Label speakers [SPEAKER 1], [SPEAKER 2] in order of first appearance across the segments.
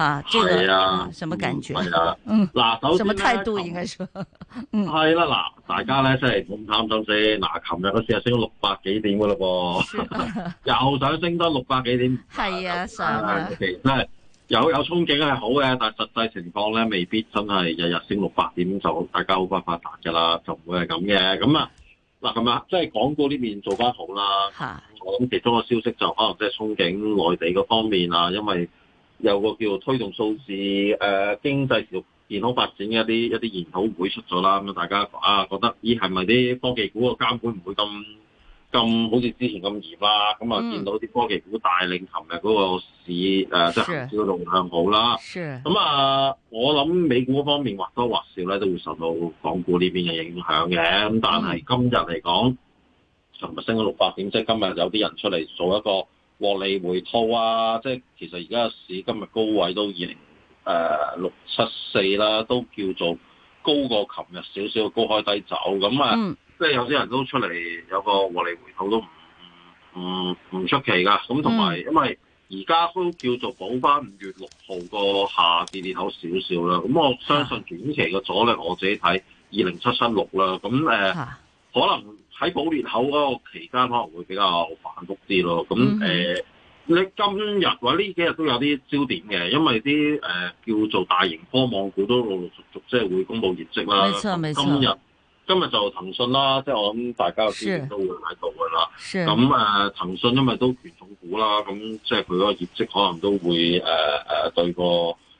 [SPEAKER 1] 係啊、這個、啊，啊，什麼感覺？係、嗯、啊，
[SPEAKER 2] 嗱、
[SPEAKER 3] 啊，首先什麼態度
[SPEAKER 1] 應該？說
[SPEAKER 2] 係啦，嗱，大家咧即係咁貪心先。嗱，琴日嗰次啊升到六百幾點嘅咯噃。又想升多六百幾點？
[SPEAKER 1] 係啊，想啊、哎
[SPEAKER 2] 哎，有有憧憬係好嘅，但實際情況咧未必真係日日升六百點就大家好快發達噶啦，就唔會係咁嘅。咁啊嗱，係咪？即係港股呢邊做翻好啦。我諗其中嘅消息就可能即係憧憬內地嗰方面啊，因為，有個叫做推動數字誒、呃、經濟條健康發展嘅一啲一啲研討會出咗啦，咁大家啊覺得咦係咪啲科技股個監管唔會咁咁好似之前咁嚴啦、啊？咁啊見到啲科技股帶領琴日嗰個市誒即係行市嘅動向好啦。咁、嗯、啊，就是呃、我諗美股方面或多或少咧都會受到港股呢邊嘅影響嘅。咁但係今日嚟講，琴、嗯、日升咗六百點，即係今日有啲人出嚟做一個。獲利回吐啊！即係其實而家市今日高位都二零誒六七四啦，都叫做高過琴日少少高開低走咁啊！即、嗯、係有啲人都出嚟有個獲利回吐都唔唔唔唔出奇㗎。咁同埋因為而家都叫做補翻五月六號個下跌裂口少少啦。咁我相信短期嘅阻力我自己睇二零七七六啦。咁、呃啊、可能。喺補裂口嗰個期間可能會比較反覆啲咯。咁、嗯、誒、嗯嗯，你今日或呢幾日都有啲焦點嘅，因為啲誒、呃、叫做大型科網股都陸陸續續即係會公布業績啦。今日今日就騰訊啦，即係我諗大家嘅焦點都會喺度㗎啦。咁誒，騰、嗯、訊、嗯呃、因為都權重股啦，咁即係佢嗰個業績可能都會誒誒、呃呃、對個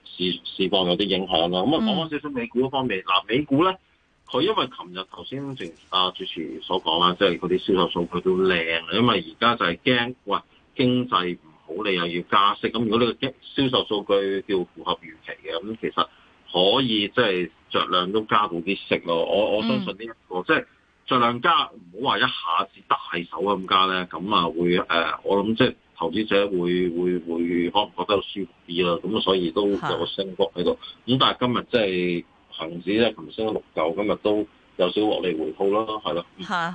[SPEAKER 2] 市市況有啲影響啦。咁啊，講翻少少美股嗰方面，嗱、嗯啊，美股咧。佢因為琴日頭先正如阿主持所講啦，即係嗰啲銷售數據都靚嘅，因為而家就係驚喂經濟唔好，你又要加息。咁如果你個銷售數據叫符合預期嘅，咁其實可以即係着量都加到啲息咯。我我相信呢、這、一個，即係着量加，唔好話一下子大手咁加咧，咁啊會誒、呃，我諗即係投資者會會會可唔覺得舒服啲啦。咁所以都有升幅喺度。咁但係今日即係。恒指咧，琴日升咗六嚿，今日都有少獲利回吐咯，係 咯樂。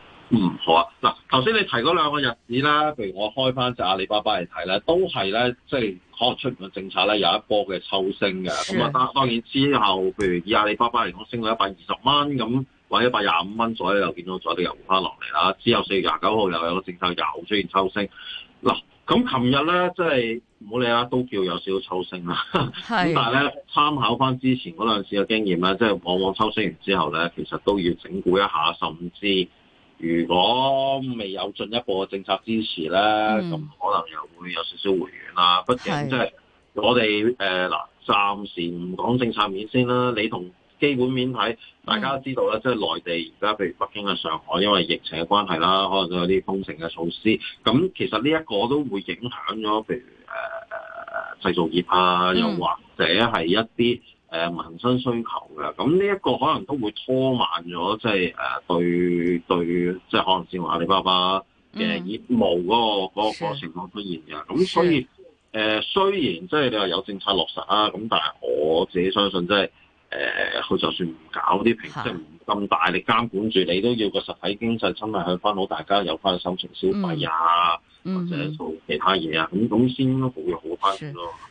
[SPEAKER 2] 嗯，好啊。嗱，頭先你提嗰兩個日子啦，譬如我開翻隻阿里巴巴嚟睇咧，都係咧，即係可能出完個政策咧，有一波嘅抽升嘅。咁啊，當當然之後，譬如以阿里巴巴嚟講，升到一百二十蚊咁，或者一百廿五蚊左右，見到再啲又翻落嚟啦。之後四月廿九號又有個政策，又出現抽升。嗱，咁琴日咧，即係唔好理啦，都叫有少少抽升啦。咁 但係咧，參考翻之前嗰兩次嘅經驗咧，即係往往抽升完之後咧，其實都要整固一下，甚至。如果未有進一步嘅政策支持咧，咁、嗯、可能又會有少少回軟啦、啊。畢竟即係我哋誒嗱，暫時唔講政策面先啦。你同基本面睇，大家都知道啦、嗯，即係內地而家譬如北京啊、上海，因為疫情嘅關係啦，可能都有啲封城嘅措施。咁其實呢一個都會影響咗，譬如誒誒、呃、製造業啊，又或者係一啲。誒、呃、民生需求嘅，咁呢一個可能都會拖慢咗，即係誒、呃、對對即係可能先阿里巴巴嘅業務嗰個嗰個情況出現嘅，咁所以誒雖然,、呃、雖然即係你話有政策落實啊，咁但係我自己相信即係誒佢就算唔搞啲平，即係唔咁大力監管住，你都要個實體經濟先係向翻好，大家有翻去心情消費啊，mm -hmm. 或者做其他嘢啊，咁咁先會好翻咯。Mm -hmm.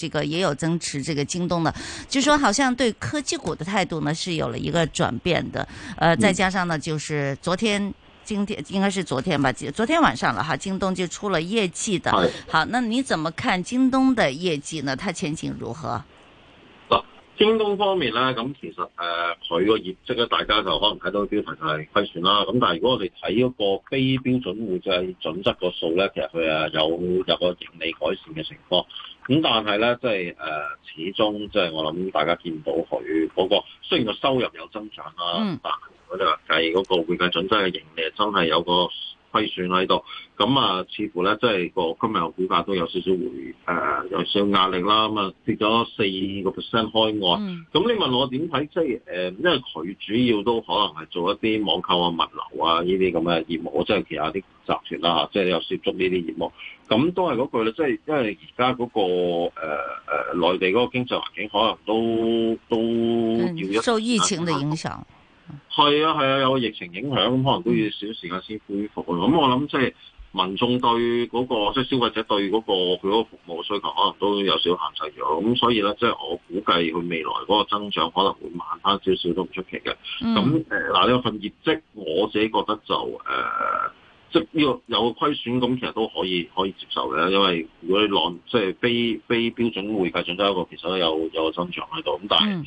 [SPEAKER 1] 這個也有增持這個京東的，據說好像對科技股的態度呢是有了一個轉變的。呃，再加上呢，就是昨天、今天應該是昨天吧，昨天晚上了哈，京東就出了業績的、的。好，那你怎麼看京東的業績呢？它前景如何？
[SPEAKER 2] 京東方面呢，咁其實呃佢個業績咧，大家就可能睇到個標題就係虧損啦。咁但係如果我哋睇個非標準會計、就是、準則個數呢，其實佢啊有有一個盈利改善嘅情況。咁、嗯、但係呢，即係誒，始終即係我諗，大家見到佢嗰、那個，雖然個收入有增長啦，但係我哋話計嗰個會計準則嘅盈利，真係有個虧損喺度，咁啊，似乎咧，即係個今日股價都有少少回誒，有少少壓力啦。咁啊，跌咗四個 percent 開外。咁你問我點睇？即係誒，因為佢主要都可能係做一啲網購啊、物流啊呢啲咁嘅業務，即係其他啲集團啦，即係有涉足呢啲業務。咁都係嗰句啦，即係因為而家嗰個誒誒內地嗰個經濟環境可能都都受疫
[SPEAKER 1] 情嘅影響。
[SPEAKER 2] 係啊，係啊，有個疫情影響咁，可能都要少時間先恢復咯。咁、嗯、我諗即係民眾對嗰、嗰個即係、即係、消費者對嗰、嗰個佢嗰個服務需求，可能都有少限制咗。咁所以咧，即係我估計佢未來嗰個增長可能會慢翻少少都唔出奇嘅。咁、嗯、誒，嗱呢份業績我自己覺得就誒、呃，即係呢個有虧損咁，其實都可以可以接受嘅，因為如果你攞即係非非標準會計準則，一個其實都有有個增長喺度。咁但係，嗯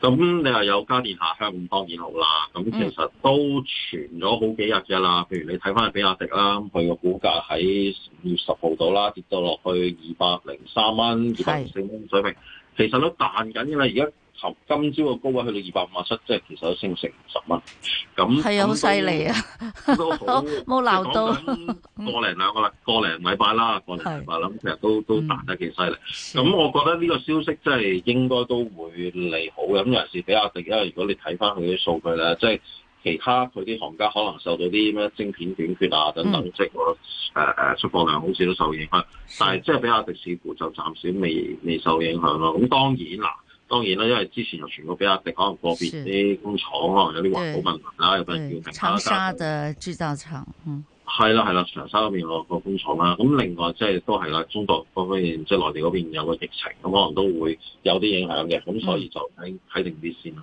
[SPEAKER 2] 咁你話有家電下鄉咁當然好啦，咁其實都傳咗好幾日嘅啦。譬如你睇翻比亞迪啦，佢個股價喺五月十號度啦，跌到落去二百零三蚊、二百零四蚊水平，其實都彈緊嘅啦。而家。今朝嘅高位去到二百五十七，即係其實都升成五十蚊，咁係啊，好犀利啊！
[SPEAKER 1] 冇冇鬧到說
[SPEAKER 2] 說 過零兩個啦，過零禮拜啦，過零禮拜啦，咁其實都都彈得幾犀利。咁、嗯、我覺得呢個消息真係應該都會利好，咁尤其是比亞迪，因為如果你睇翻佢啲數據啦，即係其他佢啲行家可能受到啲咩晶片短缺啊等等，嗯、即係個、呃、出貨量好似都受影響，但係即係比亞迪似乎就暫時未未受影響咯。咁當然啦。當然啦，因為之前又傳過比亞迪可能個別啲工廠可能有啲環保問題啦，有份疫情啊，長沙
[SPEAKER 1] 的製造廠，嗯，
[SPEAKER 2] 係啦係啦，長沙嗰邊有個工廠啦。咁另外即、就、係、是、都係啦，中國嗰方面即係內地嗰邊有個疫情，咁可能都會有啲影響嘅。咁所以就睇睇定啲先啦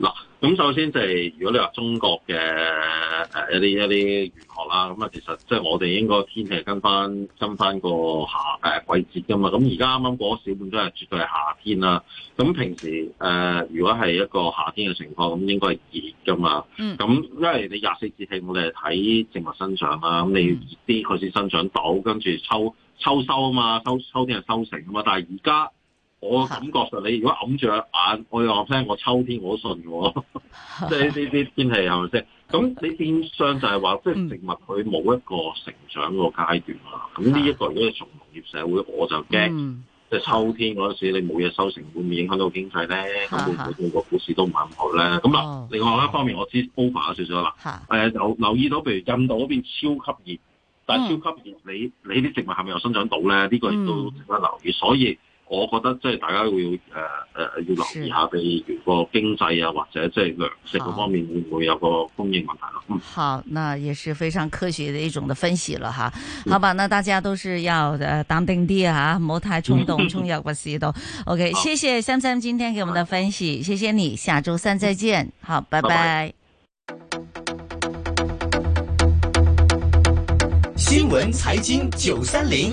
[SPEAKER 2] 嗱，咁首先就係、是、如果你話中國嘅誒、呃、一啲一啲漁學啦，咁啊其實即係我哋應該天氣跟翻跟翻個夏誒、呃、季節噶嘛，咁而家啱啱過咗小半都係絕對係夏天啦。咁平時誒、呃、如果係一個夏天嘅情況，咁應該係熱噶嘛。咁、mm. 因為你廿四節氣，我哋係睇植物生長啦，咁你熱啲開始生長到，跟住秋秋收啊嘛，收秋，秋天係收成啊嘛，但係而家。我感覺上，你如果揞住眼，我又話聽我秋天我都信，即係呢啲天氣係咪先？咁 你，你，你，你變相就係話，即、就、係、是、植物佢冇一個成長階、嗯、個階段啦。咁呢一個如果係從農業社會，我就驚，即係秋天嗰時你冇嘢收成，會唔會影響到經濟咧？咁會唔會個股市都唔係咁好咧？咁啦、啊、另外一方面，我知 over 咗少少啦。誒、啊，留、呃、留意到，譬如印度嗰邊超級熱、嗯，但係超級熱，你你啲植物係咪又生長到咧？呢、嗯，這個亦都值得留意。所以。我覺得即係大家要誒誒要留意下，譬如個經濟啊，或者即係糧食嗰方面會唔會有個供應問題咯？
[SPEAKER 1] 嗯，好，那也是非常科學嘅一種嘅分析啦，哈、嗯，好吧，那大家都是要誒淡定啲啊，唔好太衝動，嗯、衝入股市度。OK，謝謝三三今天給我們的分析、嗯，謝謝你，下周三再見，好，嗯、拜，拜，拜拜。
[SPEAKER 4] 新聞財經九三零。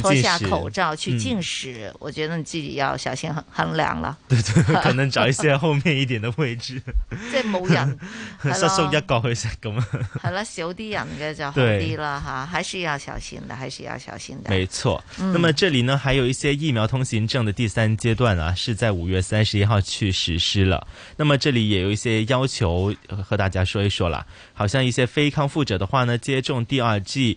[SPEAKER 1] 脫下口罩去進、嗯、去進食，我覺得你自己要小心衡、嗯、衡量了。對對，可能
[SPEAKER 5] 找一些後面一點的位置。在 某樣，收 縮 一角去食咁啊。
[SPEAKER 1] 係 啦， 少啲人嘅就好啲啦，吓，還是要小心的，還是要小心的。
[SPEAKER 5] 沒錯、嗯。那麼這裡呢，還有一些疫苗通行證的第三階段啊，是在五月三十一號去實施了。那麼這裡也有一些要求和大家說一說啦，好像一些非康復者的話呢，接種第二劑。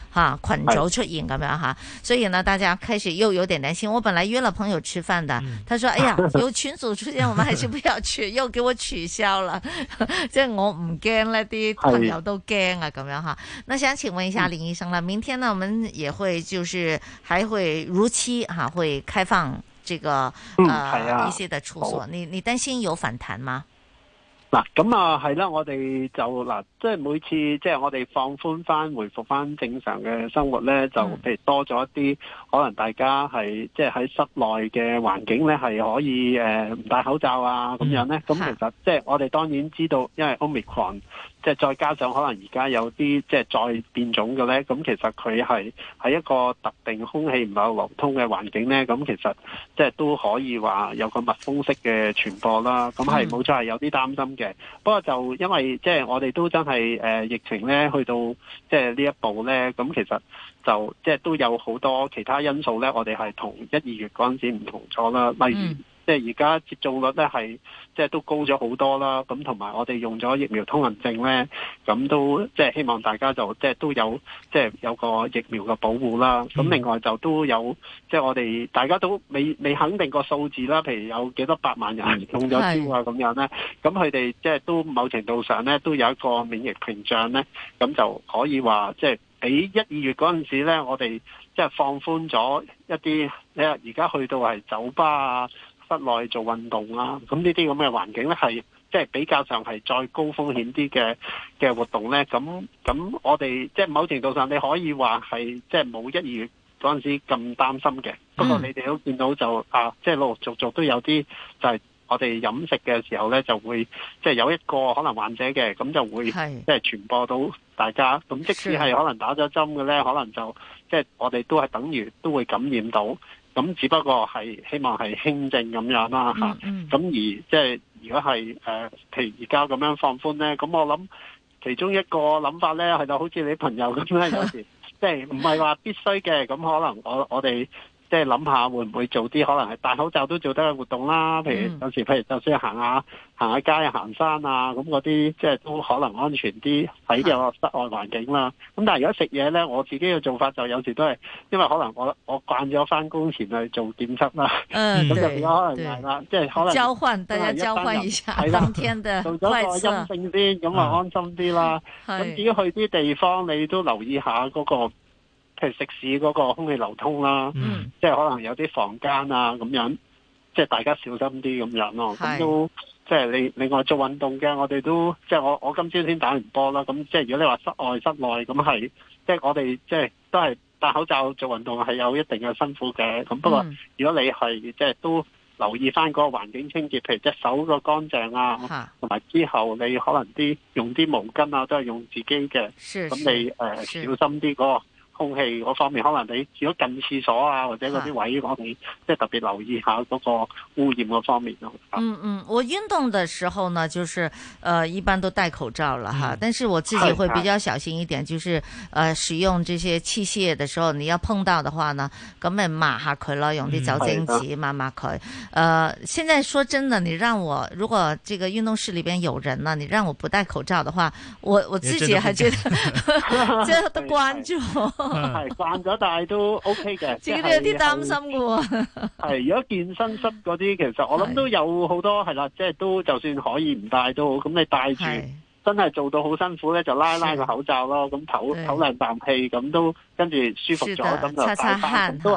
[SPEAKER 1] 哈、啊，捆軸出影咁樣哈？所以呢，大家開始又有點擔心。我本來約了朋友吃飯的，他說：“哎呀， 有群組出現，我們還是不要去，又給我取消了。 ”這我唔驚呢，啲朋友都驚啊，咁樣哈。那想請問一下林醫生啦，明天呢我們也會就是還會如期哈、啊、會開放這個啊、呃、 一些的處所，你你擔心有反彈嗎？
[SPEAKER 6] 嗱，咁啊，係啦，我哋就嗱、啊，即係每次即係我哋放寬翻、回復翻正常嘅生活咧，就譬如多咗一啲，可能大家係即係喺室內嘅環境咧，係可以誒、呃、唔戴口罩啊咁樣咧，咁其實即係我哋當然知道，因為奧米克戎即係再加上可能而家有啲即係再變種嘅呢，咁其實佢係喺一個特定空氣唔夠流通嘅環境呢。咁其實即係都可以話有個密封式嘅傳播啦。咁係冇錯係有啲擔心嘅。Mm. 不過就因為即係我哋都真係誒疫情呢去到即係呢一步呢，咁其實就即係都有好多其他因素呢。我哋係同一二月嗰陣時唔同咗啦，例如。Mm. 即係而家接種率咧係，即係都高咗好多啦。咁同埋我哋用咗疫苗通行證咧，咁都即係希望大家就即係都有即係有個疫苗嘅保護啦。咁、嗯、另外就都有，即係我哋大家都未未肯定個數字啦。譬如有幾多百萬人中咗招啊，咁樣咧，咁佢哋即係都某程度上咧都有一個免疫屏障咧，咁就可以話即係比一二月嗰陣時咧，我哋即係放寬咗一啲，你而家去到係酒吧啊。室內做運動啦、啊，咁呢啲咁嘅環境咧，係即係比較上係再高風險啲嘅嘅活動咧。咁咁，我哋即係某程度上，你可以話係即係冇一月嗰陣時咁擔心嘅。不過你哋都見到就啊，即係陸陸續續都有啲就係、是、我哋飲食嘅時候咧，就會即係、就是、有一個可能患者嘅，咁就會即係、就是、傳播到大家。咁即使係可能打咗針嘅咧，可能就即係、就是、我哋都係等於都會感染到。咁只不過係希望係輕症咁樣啦、啊、咁、嗯嗯、而即係如果係誒、呃、譬如而家咁樣放寬咧，咁我諗其中一個諗法咧係就好似你朋友咁咧， 有時即係唔係話必須嘅，咁可能我我哋。即係諗下會唔會做啲可能係戴口罩都做得嘅活動啦，譬如有時、嗯、譬如就算行下行下街行山啊，咁嗰啲即係都可能安全啲喺個室外環境啦。咁、啊、但係如果食嘢咧，我自己嘅做法就有時都係，因為可能我我慣咗翻工前去做檢測啦，咁、呃、就而家可能係、就、啦、是，即、嗯、係、就是、可能交換大家交換，
[SPEAKER 1] 交換一下，增添的，的做咗個陰
[SPEAKER 6] 性先咁啊安心啲啦。咁至於去啲地方，你都留意下嗰、那個。係食肆嗰個空氣流通啦，即、嗯、係、就是、可能有啲房間啊咁樣，即、就、係、是、大家小心啲咁樣咯。咁都即係、就是、你另外做運動嘅，我哋都即係、就是、我我今朝先打完波啦。咁即係如果你話室外室內咁，係、即係、就是、我哋即係都係戴口罩做運動係有一定嘅辛苦嘅。咁不過、嗯、如果你係即係都留意翻嗰個環境清潔，譬如隻手個乾淨啊，同埋之後你可能啲用啲毛巾啊都係用自己嘅，咁你誒、呃、小心啲嗰、那個。空氣方面，可能你如果近廁所啊，或者啲位，我哋即係特別留意下個污染方面
[SPEAKER 1] 咯、啊。嗯嗯，我運動的時候呢，就是，呃，一般都戴口罩了哈、嗯，但是我自己會比較小心一點、嗯，就是，呃，使用這些器械的時候，你要碰到的話呢，咁咪抹下佢咯，用啲酒精紙抹抹佢。呃、嗯嗯啊，現在說真的，你讓我如果這個運動室裏邊有人呢，你讓我不戴口罩的話，我我自己還覺得，這 都關注。 係慣咗，戴都 OK 嘅。 自
[SPEAKER 6] 己都有啲擔心嘅喎。係 如果健身室嗰啲，其實我諗都有好多係啦，即係、就是、都就算可以唔戴都好。咁你戴住，真係做到好辛苦咧，就拉拉個口罩咯。咁唞唞兩啖氣，咁都跟住舒服咗，咁就打翻。叉叉喊喊都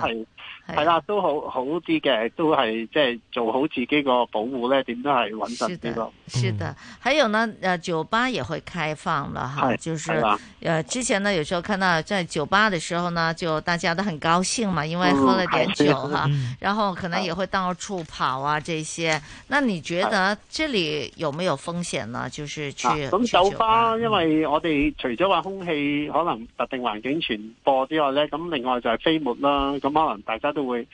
[SPEAKER 6] 係啦、啊啊，都好、啊、好啲嘅、啊啊，都係即係做好自己個保護咧，點都係穩陣啲咯。是的、嗯，是
[SPEAKER 1] 的。還有呢，酒吧也會開放了哈、啊，就是，是、啊、之前呢，有時候看到在酒吧的時候呢，就大家都很高興嘛，因為喝了點酒哈、啊啊，然後可能也會到處跑啊，這些。那你覺得這裡有沒有風險呢？就是去咁、啊、酒，酒吧，
[SPEAKER 6] 因為我哋除咗話空氣可能特定環境傳播之外咧，咁另外就係飛沫啦，咁可能大家。都會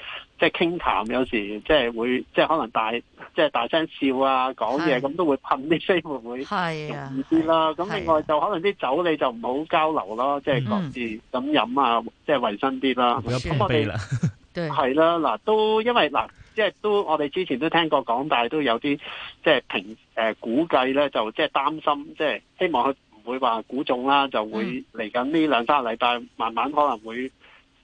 [SPEAKER 6] 即係傾談，有時即係會即係可能大即係大聲笑啊，講嘢咁都會噴啲水，會唔、啊、會容易啲啦？咁、啊、另外就可能啲酒你就唔好交流咯，即係、啊啊就是、各自咁飲、嗯、啊，即係衞生啲啦。咁、啊、我哋係、啊啊、啦，嗱都因為嗱即係都我哋之前都聽過講，但係都有啲即係評誒估計咧，就即係擔心，即係希望佢唔會話估中啦，就會嚟緊呢兩三個禮拜慢慢可能會。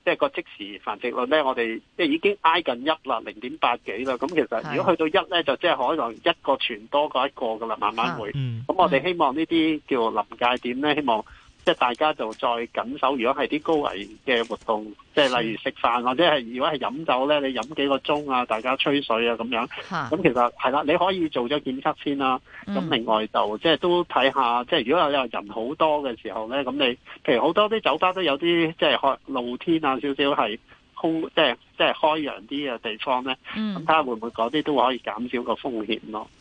[SPEAKER 6] 即係個即時繁殖率咧，我哋即係已經挨近一啦，零點八幾啦。咁其實如果去到一咧，就即係可能一個傳多過一個噶啦，慢慢會。咁、嗯、我哋希望呢啲叫臨界點咧，希望。即係大家就再緊守，如果係啲高危嘅活動，即係例如食飯或者係如果係飲酒咧，你飲幾個鐘啊，大家吹水啊咁樣，咁其實係啦，你可以做咗檢測先啦。咁另外就即係都睇下，即係如果有有人好多嘅時候咧，咁你譬如好多啲酒吧都有啲即係開露天啊，少少係空，即係即係開陽啲嘅地方咧，
[SPEAKER 1] 咁睇下
[SPEAKER 6] 會唔會嗰啲都可以減少個風險
[SPEAKER 1] 咯。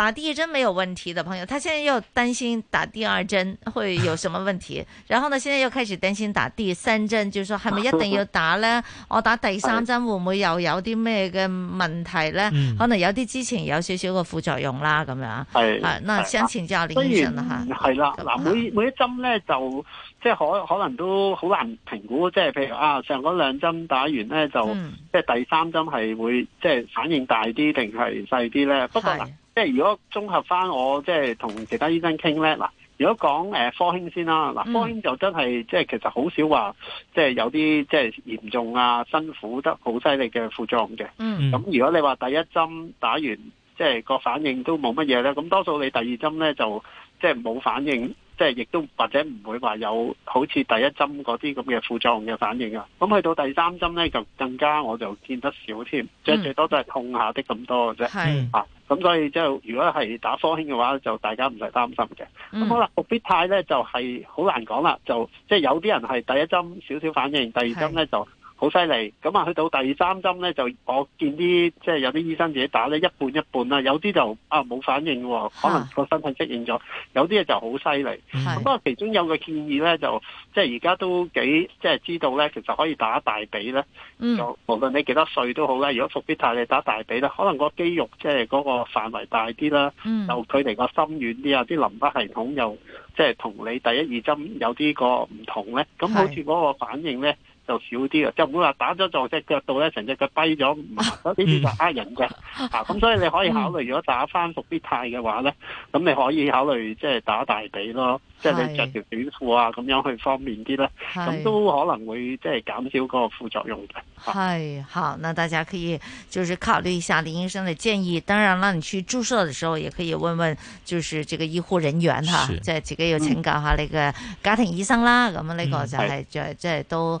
[SPEAKER 1] 打第一針沒有問題的朋友，他現在又擔心打第二針會有什麼問題， 然後呢，現在又開始擔心打第三針，就是說，係 咪一定要打呢？我打第三針會唔會又有啲咩嘅問題呢？可能有啲之前有少少個副作用啦，咁樣。係、 啊，那先請教林醫生啦吓。係、啊、
[SPEAKER 6] 啦，嗱、啊，每
[SPEAKER 1] 每一針呢，就即係可可能都好難評估，即係譬如啊，上
[SPEAKER 6] 嗰兩針打完呢，就、嗯、即係第三針係會即係反應大啲定係細啲呢？不過 即係如果綜合翻我即係同其他醫生傾咧，嗱，如果講誒科興先啦，嗱，科興就真係即係其實好少話，即係有啲即係嚴重啊、辛苦得好犀利嘅副作用嘅。咁、嗯、如果你話第一針打完，即係個反應都冇乜嘢咧，咁多數你第二針咧就即係冇反應。即係亦都或者唔會話有好似第一針嗰啲咁嘅副作用嘅反應啊，咁去到第三針咧就更加我就見得少添，即、嗯、係最多都係痛下啲咁多嘅啫。係咁、啊、所以即係如果係打科興嘅話，就大家唔使擔心嘅。咁、嗯、好啦，復必泰咧就係好難講啦，就即、是、係、就是、有啲人係第一針少少反應，第二針咧就。好犀利，咁啊去到第三針咧，就我見啲即係有啲醫生自己打咧，一半一半啦、啊，有啲就啊冇反應喎、啊，可能個身份出現咗，有啲嘢就好犀利。咁不過其中有個建議咧，就即係而家都幾即係知道咧，其實可以打大髀咧、嗯，就無論你幾多歲都好啦。如果復必泰你打大髀咧，可能個肌肉即係嗰個範圍大啲啦、嗯，就距離個心遠啲啊，啲淋巴系統又即係同你第一二針有啲個唔同咧。咁好似嗰個反應咧，就少啲、 嗯、啊，就唔會話打咗撞，隻腳度咧成隻腳跛咗，呢啲就呃人嘅啊。咁所以你可以考慮、嗯，如果打返復必泰嘅話咧，咁、嗯、你可以考慮即係打大髀咯，即係、就是、你着條短褲啊咁樣去方便啲啦，咁都可能會即係減少嗰個副作用
[SPEAKER 1] 嘅。係好，那大家可以就是考慮一下林醫生嘅建議。當然，啦，你去注射嘅時候，也可以問問，就是這個醫護人員吓，即係自己要請教下你嘅家庭醫生啦。咁呢、那個就係就係即係都。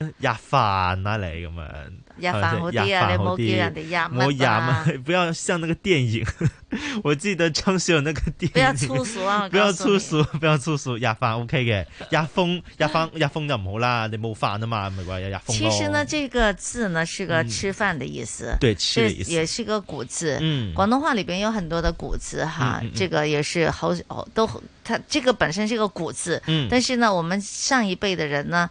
[SPEAKER 5] 入飯啊，你咁樣入飯好啲啊，你冇叫人哋入乜啊？冇入乜，不要像那個電影， 我記得張學那個電影不要粗俗、啊，不要粗俗，不要粗俗，要 okay, 要要要要不, 不要粗俗，入飯 OK 嘅，入風入風入風就唔好啦，你冇飯啊嘛，咪話有入風多。其實呢，
[SPEAKER 1] 這個字呢，是個吃飯的意思，嗯、對，吃嘅意思，也是個古字。嗯，廣東話裏邊有很多的古字、嗯、哈，這個也是好哦，都，它這個本身是個古字，嗯，但是呢，我們上一輩的人呢。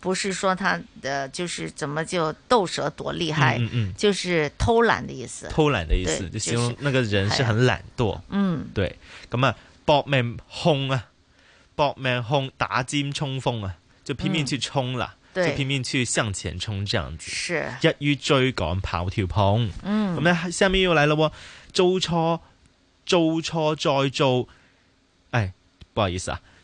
[SPEAKER 1] 不是說他的就是怎麼就鬥蛇多厲害，嗯嗯，嗯，就是偷懶的意思。偷懶的意思就形、是、容那個人是很懶
[SPEAKER 5] 惰。嗯、哎，對。咁、嗯嗯、啊，搏命衝啊，搏命衝，打尖衝鋒啊，就拼命去衝啦、嗯，就拼命去向前衝這樣子。是。一於追趕跑跳碰。嗯。咁咧，下面又來了咯、哦，做錯，做錯再做。哎，不好意思啊。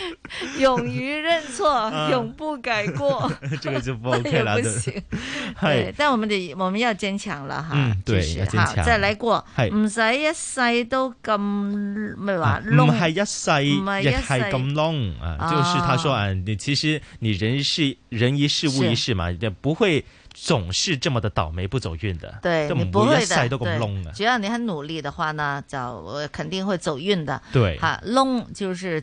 [SPEAKER 1] 勇於認錯，永不改過，啊、呵
[SPEAKER 5] 呵這個就不好、ok、聽了。 不行 對、
[SPEAKER 1] 嗯對。對，但我們得我們要堅強了哈。嗯、對、就是，要堅強。再嚟過，唔使一世都咁，咩話窿。唔係一世，亦係咁窿啊！即係他說
[SPEAKER 5] 啊，你其實你人一世人一世物一世嘛，你不會總是這麼的倒霉不走運的。對，你不會的。都啊、對。只
[SPEAKER 1] 要你很努力的話呢，就肯定會走運的。對。哈，窿就是。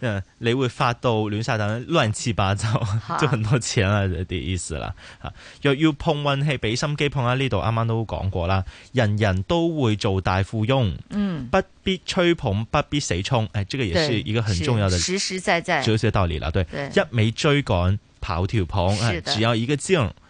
[SPEAKER 5] 誒、嗯，你會發到亂晒蛋，亂七八糟，啊、 就很多錢啦，啲、啊這個、意思啦。若、啊、要碰運氣，俾心機碰喺呢度，啱啱都講過啦。人人都會做大富翁，
[SPEAKER 1] 嗯，不
[SPEAKER 5] 必吹捧，不必死衝，誒、哎，這個也是一個很重要嘅實實在在，就有些道理啦，對，一味追趕跑跳碰、哎，只要一個勁。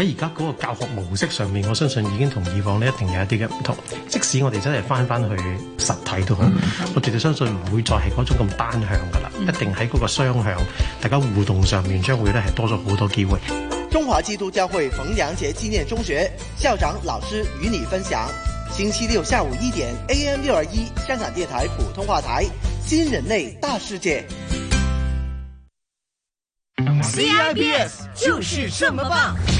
[SPEAKER 4] 喺而家嗰個教學模式上面，我相信已經同以往呢一定有一啲嘅唔同。即使我哋真係翻翻去實體都好， 我絕對相信唔會再係嗰種咁單向噶啦， 一定喺嗰個雙向大家互動上面，將會咧係多咗好多機會。中華基督教會馮梁結紀念中學校長老師與你分享，星期六下午一點 AM 六二一香港電台普通話台，新人類大世界
[SPEAKER 3] ，C I B S 就
[SPEAKER 7] 是這麼棒。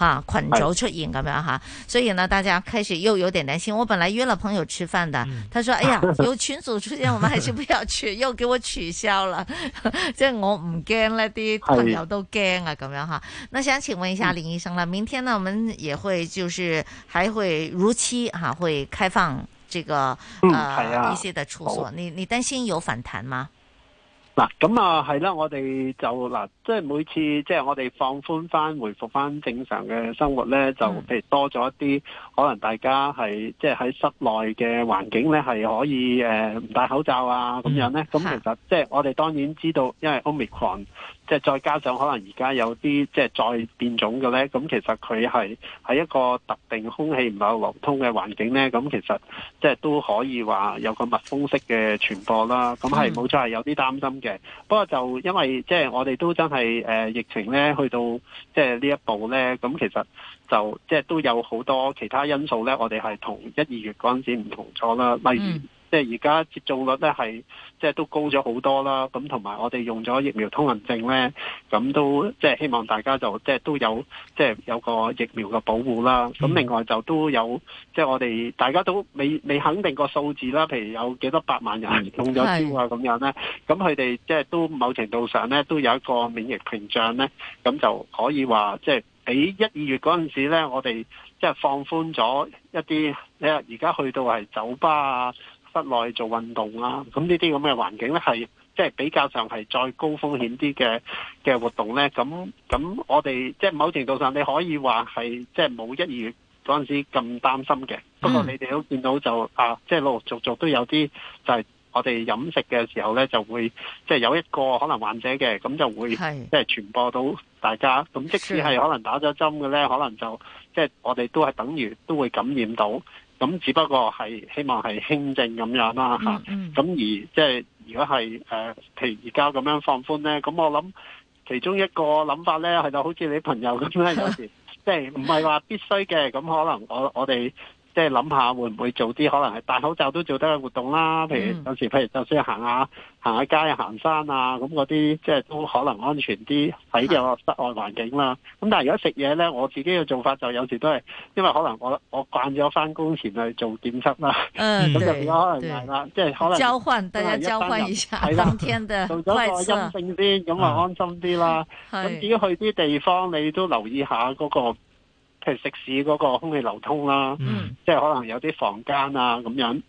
[SPEAKER 1] 哈、啊，捆軸出影咁樣哈？所以呢，大家開始又有點擔心。我本來約了朋友吃飯的，他說：“哎呀，嗯、有群組出現哈哈，我們還是不要去，又給我取消了。呵”即係我唔驚咧，啲朋友都驚啊，咁樣哈。那想請問一下林醫生啦，明天呢我們也會就是還會如期哈、啊、會開放這個呃、嗯哎、一些的處所，你你擔心有反彈嗎？
[SPEAKER 6] 嗱，咁啊，係啦、啊，我哋就嗱、啊，即係每次即係我哋放寬翻、回復翻正常嘅生活咧，就譬如多咗一啲，可能大家係即係喺室內嘅環境咧，係可以誒唔、呃、戴口罩啊咁樣咧，咁其實即係我哋當然知道，因為 Omicron。即係再加上可能而家有啲即係再變種嘅咧，咁其實佢係喺一個特定空氣唔係流通嘅環境咧，咁其實即係都可以話有個密封式嘅傳播啦。咁係冇錯，係有啲擔心嘅。不過就因為即係我哋都真係誒疫情咧去到即係呢一步咧，咁其實就即係都有好多其他因素咧，我哋係同一二月嗰陣時唔同咗啦。例如。即係而家接種率咧係，即係都高咗好多啦。咁同埋我哋用咗疫苗通行證咧，咁都即係希望大家就即係都有，即係有個疫苗嘅保護啦。咁另外就都有，即係我哋大家都未未肯定個數字啦。譬如有幾多百萬人中咗招啊，咁樣咧，咁佢哋即係都某程度上咧，都有一個免疫屏障咧，咁就可以話即係喺一、二月嗰陣時咧，我哋即係放寬咗一啲，你而家去到係酒吧啊。室內做運動啦、啊，咁呢啲咁嘅環境咧，係即係比較上係再高風險啲嘅嘅活動咧。咁咁，我哋即係某程度上，你可以話係即係冇一二月嗰陣時咁擔心嘅。不過你哋都見到就、嗯、啊，即係陸陸續續都有啲就係、是、我哋飲食嘅時候咧，就會即係、就是、有一個可能患者嘅，咁就會即係、就是、傳播到大家。咁即使係可能打咗針嘅咧，可能就即係、就是、我哋都係等於都會感染到。咁只不過係希望係輕症咁樣啦，吓咁、嗯嗯、而即係如果係誒、呃，譬如而家咁樣放寬咧，咁我諗其中一個諗法咧係就好似你朋友咁咧， 有時即係唔係話必須嘅，咁可能我我哋。即係諗下會唔會做啲可能係戴口罩都做得嘅活動啦，譬如有時、嗯、譬如就算行下行下街、行山啊咁嗰啲，即係都可能安全啲喺個室外環境啦。咁、嗯、但係如果食嘢咧，我自己嘅做法就有時都係，因為可能我我慣咗翻工前去做檢測啦，咁、嗯、就比較可能係、就、啦、是嗯。即係可
[SPEAKER 1] 能交換，大家交換一下。係咯，當天的快測做咗個陰
[SPEAKER 6] 性啲，咁啊安心啲啦。咁、嗯嗯嗯、至於去啲地方，你都留意下嗰、那個。譬如食肆嗰個空氣流通啦，嗯、即係可能有啲房間啊咁樣，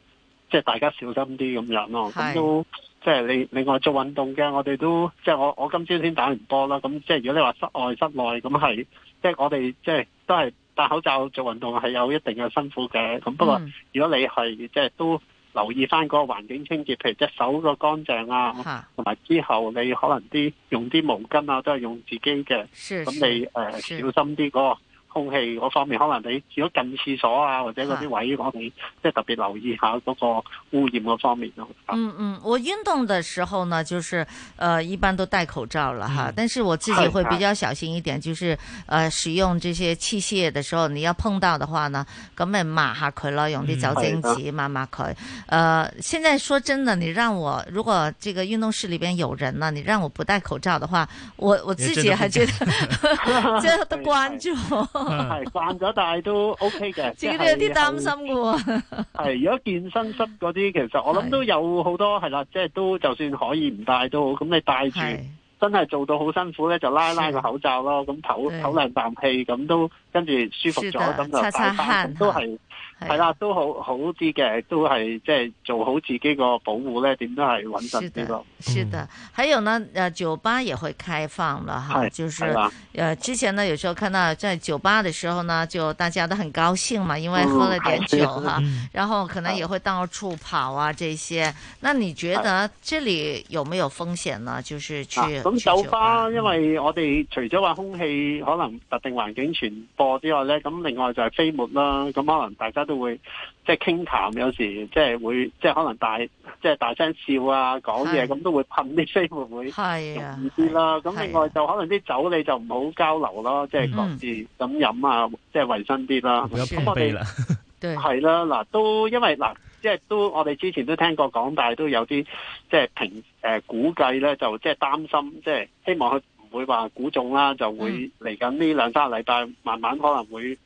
[SPEAKER 6] 即係大家小心啲咁樣咯。咁都即係你另外做運動嘅，我哋都即係我我今朝先打完波啦。咁即係如果你話室外室內咁係，即係我哋即係都係戴口罩做運動係有一定嘅辛苦嘅。咁不過、嗯、如果你係即係都留意翻嗰個環境清潔，譬如隻手個乾淨啊，同埋之後你可能啲用啲毛巾啊都係用自己嘅，咁你誒、呃、小心啲嗰個。空氣嗰方面，可能你如果近廁所啊，或者嗰啲位，我哋即係特別留意下嗰個污染嗰方面
[SPEAKER 1] 咯。嗯、啊、嗯，我運動嘅時候呢，就是，誒、呃，一般都戴口罩啦，哈、嗯，但是我自己會比較小心一點，是就是，誒、呃，使用這些器械的時候，你要碰到的話呢，咁咪抹下佢咯，用啲酒精紙抹抹佢。誒、嗯呃，現在說真的，你讓我如果這個運動室裏邊有人呢，你讓我不戴口罩的話，我我自己還覺得，都要 都關注。 係慣咗，戴都
[SPEAKER 6] OK 嘅。自己都有啲擔心
[SPEAKER 1] 喎。係 如果
[SPEAKER 6] 健身室嗰啲，其實我諗都有好多係啦，即係都就算可以唔戴都好。咁你戴住，真係做到好辛苦咧，就拉拉個口罩咯。咁唞唞兩啖氣，咁都跟住舒服咗。咁就擦擦汗，都係。係啦，都好好啲嘅，都係即係做好自己個保護咧，點都係穩陣啲咯。是
[SPEAKER 1] 的，是的。還有呢，誒，酒吧也會開放了哈，就是，誒，之前呢，有時候看到在酒吧的時候呢，就大家都很高興嘛，因為喝了點酒哈，然後可能也會到處跑啊， 這些。那你覺得這裏有沒有風險呢？就是去咁、啊、酒，酒吧，
[SPEAKER 6] 因為我哋除咗話空氣可能特定環境傳播之外咧，咁另外就係飛沫啦，咁可能大，大家都會即係傾談，有時即係會即係可能大即係大聲笑啊，講嘢咁都會噴啲水，會唔會容易啲啦？咁、啊、另外、啊、就可能啲酒你就唔好交流咯、啊就是嗯，即係各自咁飲啊，即係衞生啲啦。咁、就是、我哋係啦，嗱都因為嗱即係都我哋之前都聽過講，但係都有啲即係平誒估計咧，就即係擔心，即、就、係、是、希望佢唔會話估中啦，就會嚟緊呢兩三個禮拜慢慢可能會。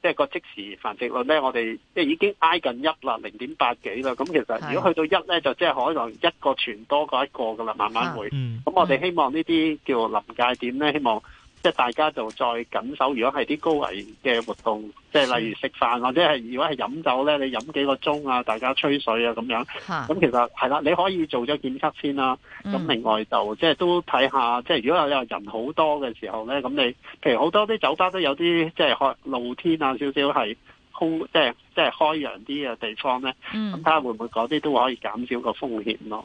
[SPEAKER 6] 即係個即時繁殖率咧，我哋即係已經挨近一啦，零點八幾啦。咁其實如果去到一咧，就即係可能一個傳多過一個噶啦，慢慢會。咁我哋希望呢啲叫臨界點咧，希望。即係大家就再緊守，如果係啲高危嘅活動，即係例如食飯或者係如果係飲酒咧，你飲幾個鐘啊，大家吹水啊咁樣。咁其實係啦，你可以做咗檢測先啦。咁另外就即係、嗯、都睇下，即係如果有有人好多嘅時候咧，咁你譬如好多啲酒吧都有啲即係開露天啊，少少係空，即係即係開陽啲嘅地方咧。咁睇下會唔會嗰啲都可以減少個風險咯。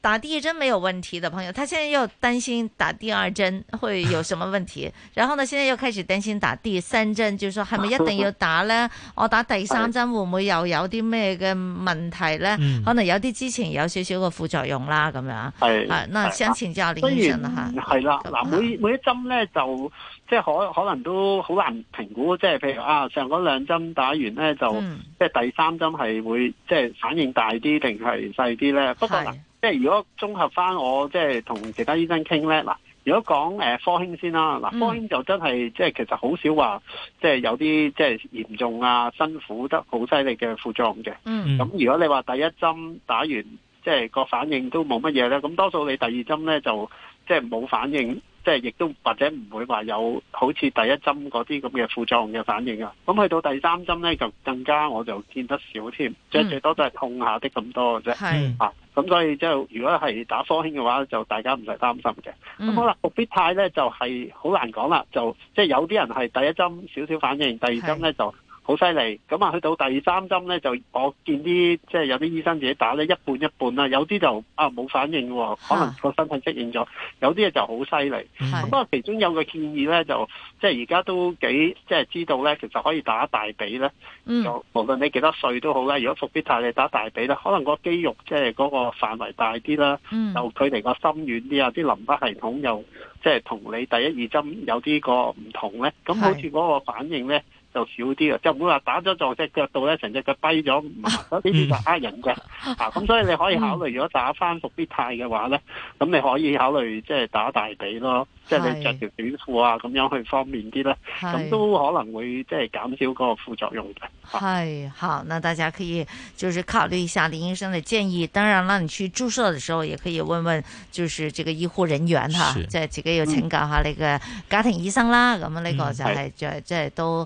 [SPEAKER 1] 打第一針沒有問題的朋友，他現在又擔心打第二針會有什麼問題， 然後呢，現在又開始擔心打第三針，就是說，係咪 一定要打呢？我打第三針會唔會又有啲咩嘅問題呢？可能有啲之前有少少個副作用啦，咁樣。係、 啊，那先請教林醫生啦吓。
[SPEAKER 6] 係啦，嗱，每每一針呢，就即係可可能都好難評估，即係譬如啊，上嗰兩針打完呢，就、 嗯、即係第三針係會即係反應大啲定係細啲呢？不過即係如果綜合翻我即係同其他醫生傾咧，嗱，如果講誒科興先啦，嗱，科興就真係即係其實好少話，即係有啲即係嚴重啊、辛苦得好犀利嘅副作用嘅。嗯，咁如果你話第一針打完，即係個反應都冇乜嘢咧，咁多數你第二針咧就即係冇反應。即係亦都或者唔會話有好似第一針嗰啲咁嘅副作用嘅反應啊，咁去到第三針咧就更加我就見得少添，即、嗯、係最多都係痛下啲咁多嘅啫。係咁、啊、所以即係如果係打科興嘅話，就大家唔使擔心嘅。咁、嗯、好啦，復必泰咧就係好難講啦，就即、是、係、就是、有啲人係第一針少少反應，第二針咧就好犀利，咁啊去到第三針咧，就我見啲即係有啲醫生自己打咧，一半一半啦，有啲就啊冇反應喎，可能個身體適應咗，有啲嘢就好犀利。咁、嗯、不過其中有個建議咧，就即係而家都幾即係知道咧，其實可以打大髀咧，就、嗯、無論你幾多歲都好啦，如果復必泰你打大髀咧，可能個肌肉即係嗰個範圍大啲啦，嗯，就距離個心遠啲啊，啲淋巴系統又即係同你第一二針有啲個唔同咧，咁好似嗰個反應咧。就少啲啊，就唔會話打咗撞隻腳度咧，成隻腳跛咗，咁呢啲就呃人嘅。咁所以你可以考慮、啊啊，如果打翻伏必泰嘅話咧，咁你可以考慮即係打大髀咯，即係、就是、你着條短褲啊，咁樣去方便啲啦，咁都可能會即係、就是、減少嗰個副作用嘅。
[SPEAKER 1] 係、啊、好，那大家可以就是考慮一下林醫生的建議。當然啦，你去注射的時候也可以問問，就是這個醫護人員吓，即係、啊、自己要請教下你嘅家庭醫生啦。咁、嗯、呢個就係就係即係都。